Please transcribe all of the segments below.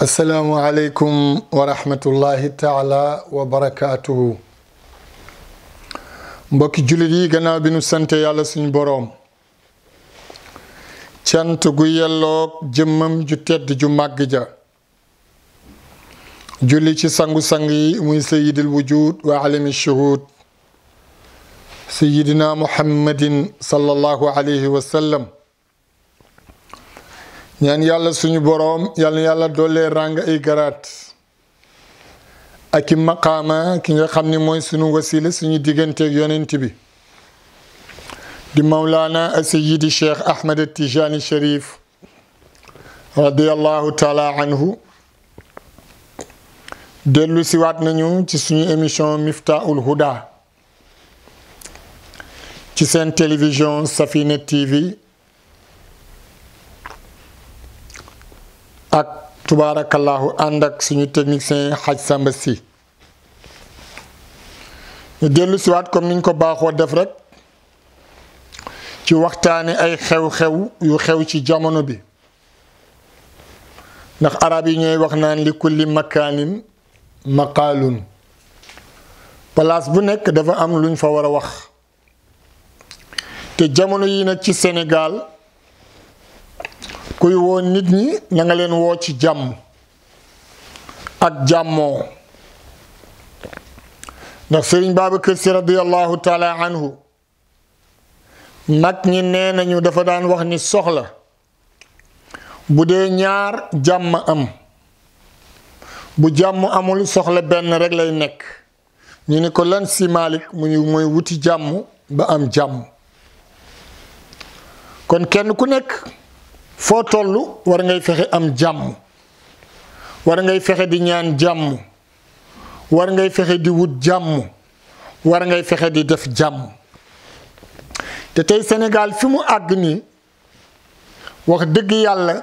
asalaamualeykum wa rahmatullahi taala wa barakaatuhu mbokki jullit yi gannaaw bi nu sante yàlla suñu boroom cant gu yelloog jëmmam ju tedd ju màgg ja julli ci sangu-sang yi muy sayidil wujud wa alami shuhud sayidina muhammadin sallallahu alayhi wa sallam ñaan yàlla suñu boroom yàlla yàlla doolee ràng ay garaat ak i ki nga xam ni mooy suñu wasila suñu digganteeg yonent bi di mawlaana sayidi cheikh ahmed tijani sharif radiallahu taala anhu dellu siwaat nañu ci suñu émission miftaahul huda ci seen télévision safina tv ak tubaarakallaahu ànd ak suñu technicien xaj sàmba si ñu dellu siwaat comme niñ ko baaxoo def rek ci waxtaane ay xew-xew yu xew ci jamono bi ndax arab yi ñooy wax naan li kulli makaanin maqaalun palaas bu nekk dafa am luñ fa war a wax te jamono yi nag ci senegaal kuy woo nit ñi na nga leen woo ci jàmm ak jàmmoo ndax sëriñ Babacar Si radiyallahu taala anhu mag ñi nee nañu dafa daan wax ni soxla bu dee ñaar jàmm am bu jàmm amul soxla benn rekk lay nekk ñu ni ko lan si Malick mu ñu mooy wuti jàmm ba am jàmm kon kenn ku nekk foo tollu war ngay fexe am jàmm war ngay fexe di ñaan jàmm war ngay fexe di wut jàmm war ngay fexe di def jàmm te tey Sénégal fi mu àgg nii wax dëgg yàlla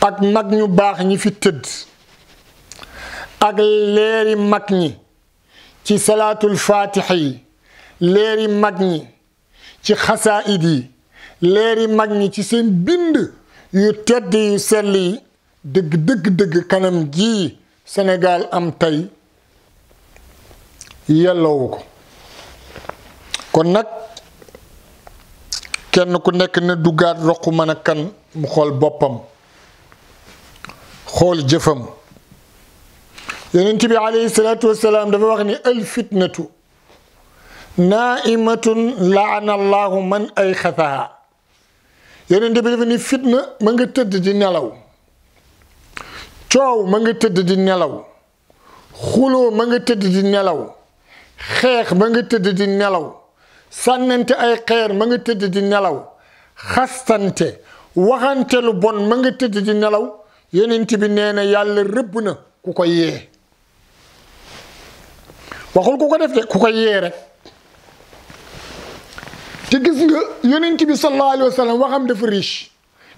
ak mag ñu baax ñi fi tëdd ak leeri mag ñi ci salaatul faatix yi leeri mag ñi ci xasaayid yi léri mag ñi ci seen bind yu tedd yu sell yi dëgg dëgg dëgg kanam gii Sénégal am tey yelloowu ko kon nag kenn ku nekk na duggaat roq mën a kan mu xool boppam xool jëfam yonent bi alayhi salatu wasalaam dafa wax ni al fitnatu naimatun laana allahu man ay xasaha yonent bi dafa ni fitna ma nga tëdd di nelaw coow ma nga tëdd di nelaw xuloo ma nga tëdd di nelaw xeex ma nga tëdd di nelaw sànnante ay xeer ma nga tëdd di nelaw xastante waxante lu bon ma nga tëdd di nelaw yonent bi nee yàlla rëbb na ku ko yee waxul ku ko def de ku ko yee rek te gis nga yonent bi sallallahu alayhi wa sallam waxam dafa riche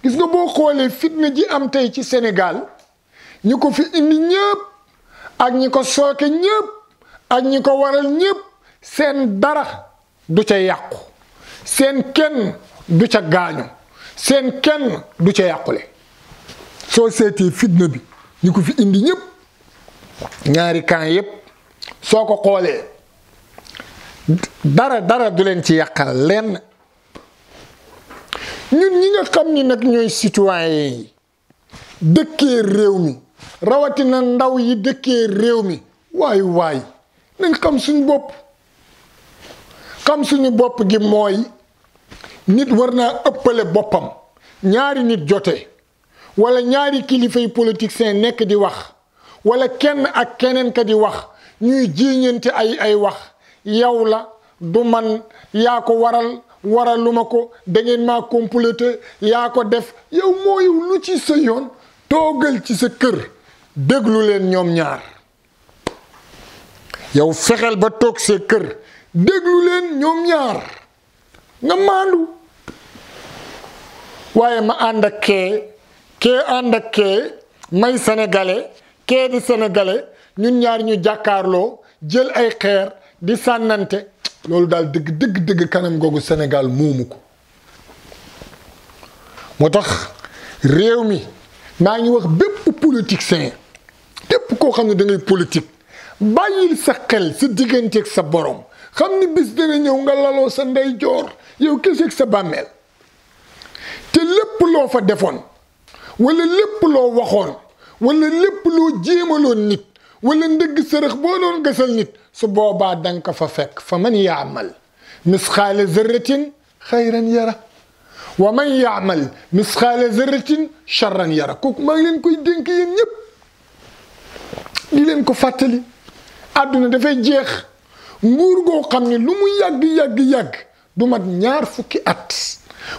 gis nga boo xoolee fitna ji am tey ci Sénégal ñu ko fi indi ñëpp ak ñi ko sooke ñëpp ak ñi ko waral ñépp seen dara du ca yàqu seen kenn du ca gaañu seen kenn du ca yàqule soo seetee fitna bi ñi ko fi indi ñëpp ñaari camp yëpp soo ko xoolee dara dara du leen ci yàqal lenn ñun ñi nga xam ni nag ñooy citoyen yi dëkkee réew mi rawatina ndaw yi dëkkee réew mi waay waay nañ xam suñu bopp xam suñu bopp gi mooy nit war naa ëppale boppam ñaari nit jote wala ñaari kilifa yu politiciens nekk di wax wala kenn ak keneen ka di wax ñuy jiiñante ay ay wax yow la du man yaa ko waral waraluma ko da ngeen maa yaa ko def yow moo yow lu ci sa yoon toogal ci sa kër déglu leen ñoom ñaar yow ba toog kër déglu leen ñoom ñaar nga maandu waaye ma ànd ak kee kee ànd ak kee may sénégalais kee di sénégalais ñun ñaar ñu jàkkaarloo jël ay xeer di sànnante loolu daal dëgg dégg dëgg kanam googu Sénégal moomu ko moo tax réew mi maa ngi wax bépp politicien bépp koo xam ne da politik politique bàyyil sa xel sa digganteeg sa borom xam ni bis dana ñëw nga laloo sa ndeyjoor yow keseeg sa bàmmeel te lépp loo fa defoon wala lépp loo waxoon wala lépp loo jéemaloon nit wala ndëgg sërëx boo doon gësal nit su boobaa danga ko fa fekk fa man yaamal misxaala zarratin xayran yara wa man yaamal misxaala zarratin charran yara kooku maa ngi leen koy dénk yéen ñëpp di leen ko fàttali àdduna dafay jeex nguur goo xam ni lu mu yàgg-yàgg-yàgg du mat ñaar fukki at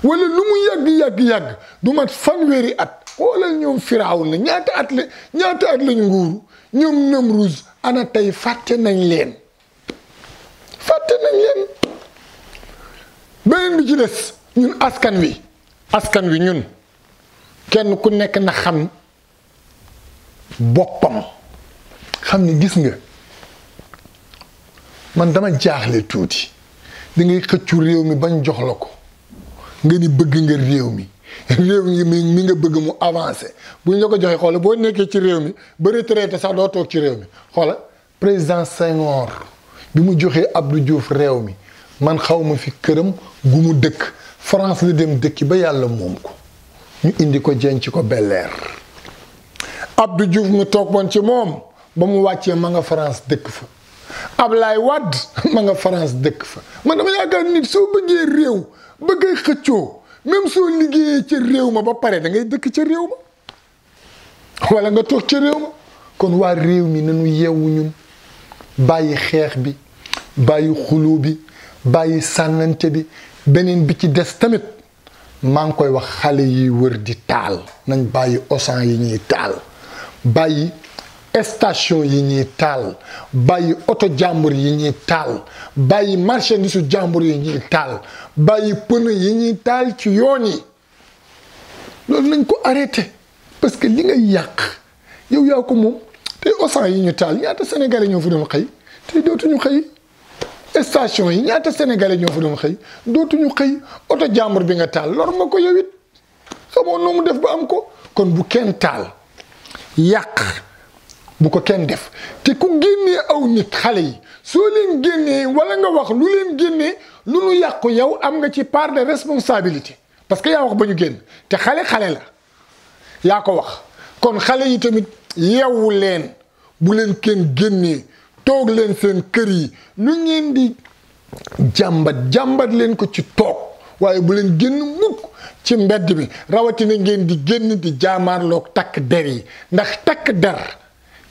wala lu mu yàgg-yàgg-yàgg du mat fanweeri at xoolal ñoom firaaw na ñaata at la ñaata at lañ nguuru ñoom Namruus tey fàtte nañ leen fàtte nañ leen beneen ci des ñun askan wi askan wi ñun kenn ku nekk na xam boppam xam ni gis nga man dama jaaxle tuuti da ngay xëccu réew mi bañ jox la ko nga ni bëgg nga réew mi réew mi mi nga bëgg mu avancé bu ñu la ko joxee xoola boo nekkee ci réew mi ba retraité sax doo toog ci réew mi xoola président Senghor bi mu joxee Abdou juuf réew mi man xaw ma fi këram gu mu dëkk France la dem dëkki ba yàlla moom ko ñu indi ko jenc ko belleer Abdou Diouf toog toppoon ci moom ba mu wàccee ma nga France dëkk fa ab lay Wade ma nga France dëkk fa man dama yaakaar nit soo bëggee réew bëggee xëccoo même soo liggéeyee ca réew ma ba pare da ngay dëkk ca réew ma wala nga toog ca réew ma kon waa réew mi nañu yeewu ñun bàyyi xeex bi bàyyi xuloo bi bàyyi sànnante bi beneen bi ci des tamit maa ngi koy wax xale yi wër di taal nañ bàyyi osan yi ñuy taal bàyyi station yi ñuy taal bàyyi oto jàmbur yi ñuy taal bàyyi marchandise jàmbur yi ñuy taal bàyyi pneu yi ñuy taal ci yoon yi loolu nañ ko arrêté parce que li ngay yàq yow yaa ko moom tey osan yi ñu taal ñaata sénégalais ñoo fi doon xëy tey dootuñu xëy station yi ñaata sénégalais ñoo fi xëy dootuñu xëy oto jàmbur bi nga taal lor nga ko yow xamoo noo def ba am ko kon bu kenn taal yàq bu ko kenn def te ku génnee aw nit xale yi soo leen génnee walla nga wax lu leen génnee lu nu yàqu yow am nga ci part de responsabilité parce que yaa wax ba ñu génn te xale xale la yaa ko wax kon xale yi tamit yeewu leen bu leen kenn génnee toog leen seen kër yi lu ngeen di jàmbat jàmbat leen ko ci toog waaye bu leen génn mukk ci mbedd mi rawatina ngeen di génn di jaamaarloog takk der yi ndax takk der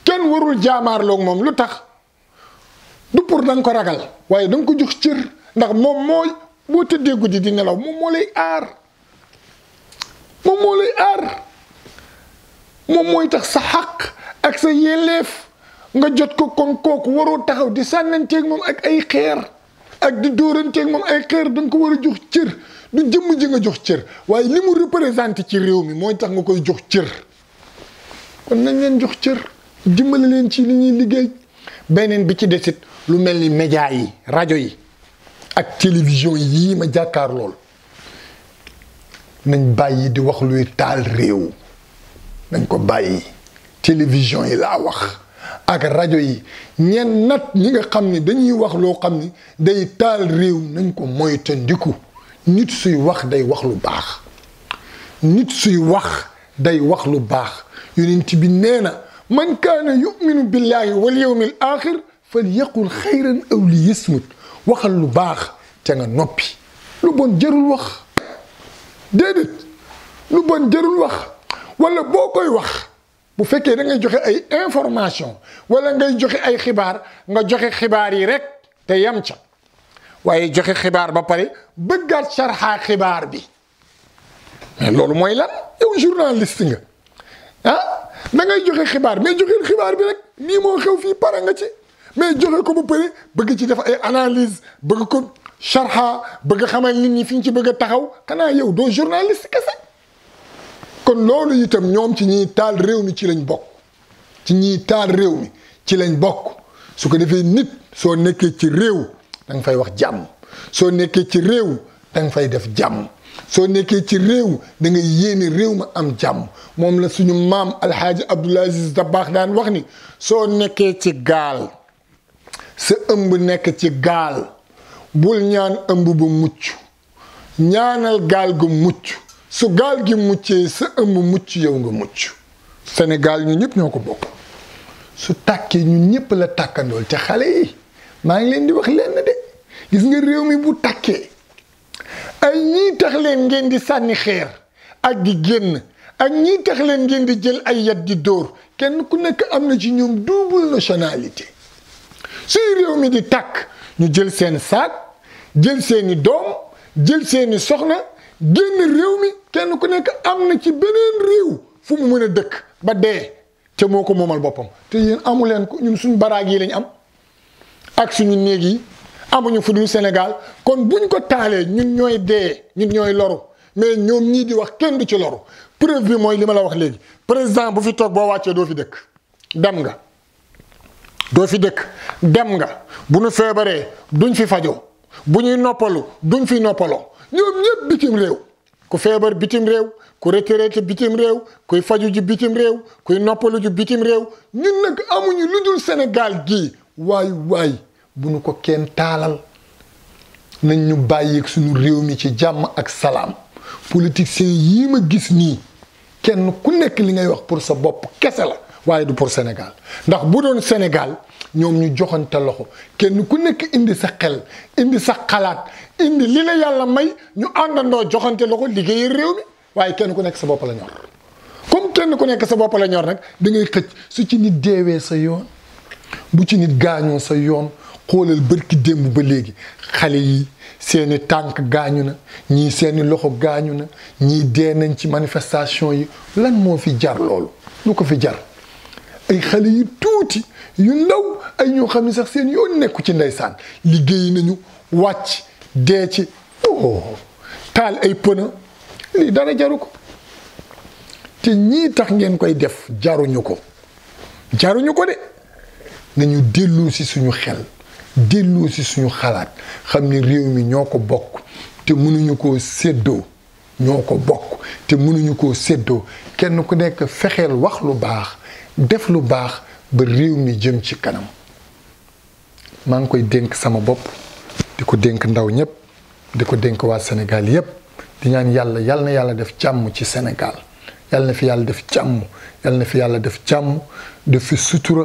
kenn warul jaamaarloog moom lu tax du pour da ko ragal waaye da ko jox cër ndax moom mooy boo tëddee guddi di nelaw moom moo aar moom aar moom mooy tax sa xaq ak sa yelleef nga jot ko kon kooku waroo taxaw di sànnanteeg moom ak ay xeer ak di dóoranteeg moom ay xeer da ko war a jox cër du jëm ji nga jox cër waaye li mu représenté ci réew mi mooy tax nga koy jox cër kon nañ leen jox cër dimbali leen ci li ñuy liggéey beneen bi ci desit lu mel ni média yi rajo yi ak télévision yii ma jàkkaar lool nañ bàyyi di wax luy taal réew nañ ko bàyyi télévision yi laa wax ak rajo yi ñen nat ñi nga xam ni dañuy wax loo xam ni day taal réew nañ ko moytandiku nit suy wax day wax lu baax nit suy wax day wax lu baax yonent bi nee na من كان يؤمن بالله واليوم الآخر فليقل خيرا أو ليصمت waxal lu baax te nga noppi lu bon jarul wax déedéet lu bon jarul wax wala boo koy wax bu fekkee da ngay joxe ay information wala ngay joxe ay xibaar nga joxe xibaar yi rek te yam ca waaye joxe xibaar ba pare bëggaat sarxaa xibaar bi mais loolu mooy lan yow journaliste nga ah na ngay joxe xibaar mais joxeel xibaar bi rek nii moo xew fii pare nga ci mais joxe ko ba pare bëgg ci def ay analyse bëgg ko sharha bëgg xamal nit ñi fi ñu ci bëgg taxaw xanaa yow doo journaliste kese kon loolu itam ñoom ci ñiy taal réew mi ci lañ bokk ci ñiy taal réew mi ci lañ bokk su ko defee nit soo nekkee ci réew da nga fay wax jàmm soo nekkee ci réew da nga fay def jàmm soo nekkee ci réew da nga yéene réew ma am jàmm moom la suñu maam alxaaji Abdul Aziz Dabaax daan wax ni soo nekkee ci gaal sa ëmb nekk ci gaal bul ñaan ëmb bu mucc ñaanal gaal gu mucc su gaal gi muccee sa ëmb mucc yow nga mucc Sénégal ñu ñëpp ñoo ko bokk su tàkkee ñun ñëpp la tàkkandool ci xale yi maa ngi leen di wax lenn de gis nga réew mi bu tàkkee ay ñii tax leen ngeen di sànni xeer ak di génn ak ñii tax leen ngeen di jël ay yat di dóor kenn ku nekk am na ci ñoom double nationalité suy réew mi di tàkk ñu jël seen saak jël seeni doom jël seeni soxna génn réew mi kenn ku nekk am na ci beneen réew fu mu mën a dëkk ba dee te moo ko moomal boppam te yéen amu leen ko ñun suñu baraag yi lañ am ak suñu néeg yi amuñu fu dul Sénégal kon buñ ko taalee ñun ñooy dee ñun ñooy loru mais ñoom ñii di wax kenn du ci loru preuve bi mooy li ma la wax léegi président bu fi toog boo wàccee doo fi dëkk dem nga. doo fi dëkk dem nga bu nu feebaree duñ fi fajoo bu ñuy noppalu duñ fi noppaloo ñoom ñëpp bitim réew ku feebar bitim réew ku retraité bitim réew kuy faju ji bitim réew kuy noppalu ji bitim réew ñun nag amuñu lu dul Sénégal gii waay waay. bu ñu ko kenn taalal nañ ñu bàyyeeg suñu réew mi ci jàmm ak salaam politiciens yii ma gis nii kenn ku nekk li ngay wax pour sa bopp kese la waaye du pour senegal ndax bu doon senegal ñoom ñu joxante loxo kenn ku nekk indi sa xel indi sa xalaat indi li la yàlla may ñu àndandoo joxante loxo liggéey réew mi waaye kenn ku nekk sa bopp la ñor comme kenn ku nekk sa bopp la ñor nag da ngay xëcc su ci nit deewee sa yoon bu ci nit gaañoo sa yoon xoolal bërki démb ba léegi xale yi seeni tànk gaañu na ñii seeni loxo gaañu na ñii dee nañ ci manifestation yi lan moo fi jar loolu lu ko fi jar ay xale yu tuuti yu ndaw ay ñoo xam ne sax seen yoon nekku ci ndeysaan liggéey nañu wàcc dee ci oh, taal ay pëna lii dara jaru ko te ñii tax ngeen koy def jaruñu ko jaruñu ko de nañu dellu si suñu xel delloo si suñu xalaat xam ni réew mi ñoo ko bokk te mënuñu koo séddoo ñoo ko bokk te mënuñu koo séddoo kenn ku nekk fexeel wax lu baax def lu baax ba réew mi jëm ci kanam maa ngi koy dénk sama bopp di ko dénk ndaw ñëpp di ko dénk waa Sénégal yëpp di ñaan yàlla yàlla na yàlla def jàmm ci senegal yàlla na fi yàlla def yàlla na fi yàlla def jàmm def fi sutura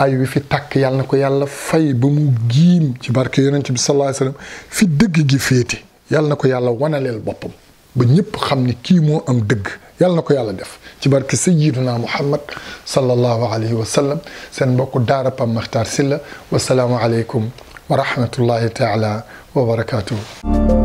ay wi fi tak yàlla nako yàlla fay ba mu giim ci barke yonent bi sallallahu alayhi wasallam fi deug gi fete yàlla nako yàlla wanalel bopam ba ñëpp xamni ki mo am deug yàlla nako yàlla def ci barke sayyiduna muhammad sallallahu alayhi wasallam sen seen mbokk daara Pape Makhtar Sylla wasalaamu alaykum wa rahmatullahi taala wa barakatuh